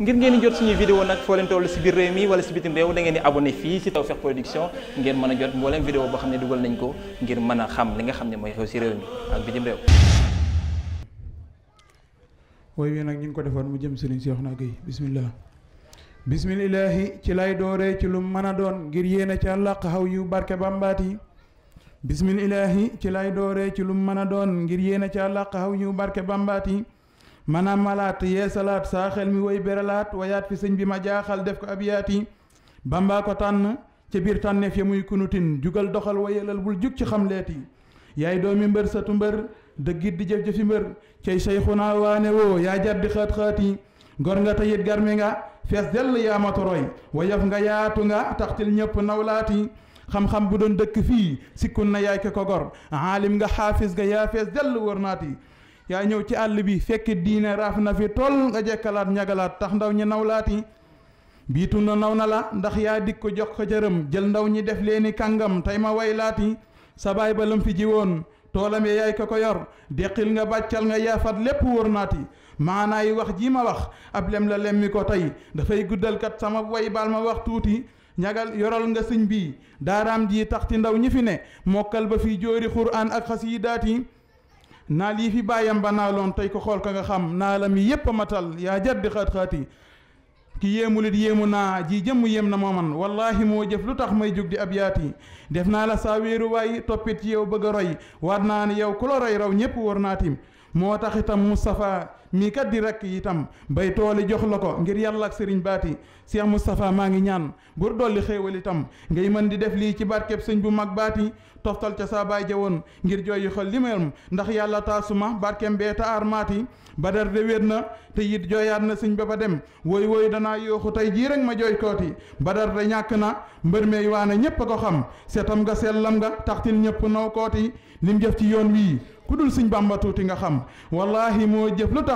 ngir ngeen di jot suñuy vidéo nag foo leen toll si biir réew mi wala si bitim réew da ngeen di abonné fii si Tawfekh Production ngeen mën a jot mbooleem vidéo boo xam ne dugal nañ ko ngir mën a xam li nga xam ne mooy xew si réew mi ak nag ñu ngi ko defoon mu jëm sëriñ Seexuna Gey bismillah bismillaahi ci lay dooree ci lu mën a doon ngir yéene ca làq xaw yu barke bàmbaat yi bismillaahi ci lay dooree ci lu mën a doon ngir yéene ca làq xaw yu barke bambaat yi maanaam malaat yeesalaat saa xel mi woy beralaat wayaat fi sëñ bi ma jaaxal def ko ab yaati bambaa ko tànn ca biir tànneef ya muy kunutin jugal doxal wayalal bul jug ci xam yi yaay doomi mbër satu mbër dëggit di jëf-jëfi mbër cay seyxunaa waane woo yaa jar di xaat-xaat yi gor nga tayit garmi nga fees dell yaa matoroy wayaf nga yaatu nga taxtil ñëpp nawlaat yi xam-xam bu doon dëkk fii sikkun na yaay ke ko gor aalim nga xaafis nga yaa fees dell wër yaa ñëw ci àll bi fekk diine raaf na fi tool nga jekkalaat ñagalaat tax ndaw ñi nawlaati biitu na naw na la ndax yaa dik ko jox ko jërëm jël ndaw ñi def leeni kàngam tey ma waylaati sa baay ba lam ji woon toolam yaay ko ko yor deqil nga bàccal nga yaafat lépp wóor naati maanaay wax ji ma wax ab lem la lemmi ko tey dafay guddal kat sama way baal ma wax tuuti ñagal yoral nga sëñ bi daaraam ji tax taxti ndaw ñi fi ne mokkal ba fi jóori xuraan ak xasiidaati naa yi fi bàyyam ba naaloon tey ko xool ko nga xam naalam mi yépp a matal yaa jaddi xaat-xaati ki yéemulit yéemu naa ji jëmm yéem na mooman wallaahi moo jëf lu tax may jug di ab yaati def naa la saa wéeru waay toppit ci yow bëgg a roy waat naa ne yow ku la roy raw ñépp wër naa tim moo tax itam Moustapha mii kat di rakk itam bay tooli jox la ko ngir yàlla ak sëriñ baati Cheikh Moustapha maa ngi ñaan bur dolli xéewal itam ngay mën di def lii ci barkeb sëñ bu mag baati toftal ca saa baay jawoon ngir jooyi xol limayam ndax yàlla ma barkem bee ta aar maati badar de wéet na te it jooyaat na sëñ ba ba dem wooy wooy danaa yooxu tey jii rek ma jooy kooti badar de ñàkk na mbër meey waane ñépp a ko xam setam nga sellam nga taxtil ñëpp naw kooti lim jëf ci yoon wii ku dul sëñ bàmba tuuti nga xam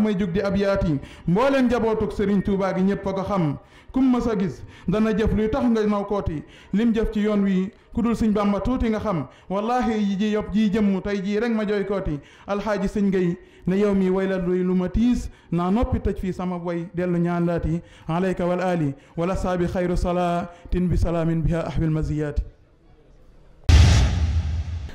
may jug di ab yaati mbooleen njabootug sëriñ Tuubaa gi ñépp a ko xam kum mës a gis dana jëf luy tax nga naw kooti lim jëf ci yoon wii ku dul sëñ Bàmba tuuti nga xam wallahi yi ji yopp jii jëmm tey jii rek ma jooy kooti alxaaji sëñ ngay ne yow mii way la luy lu ma tiis naa noppi tëj fii sama way dellu ñaan laati alayka wal ali wala saabi xayru salaatin bi min salaamin biha ahwil maziyaati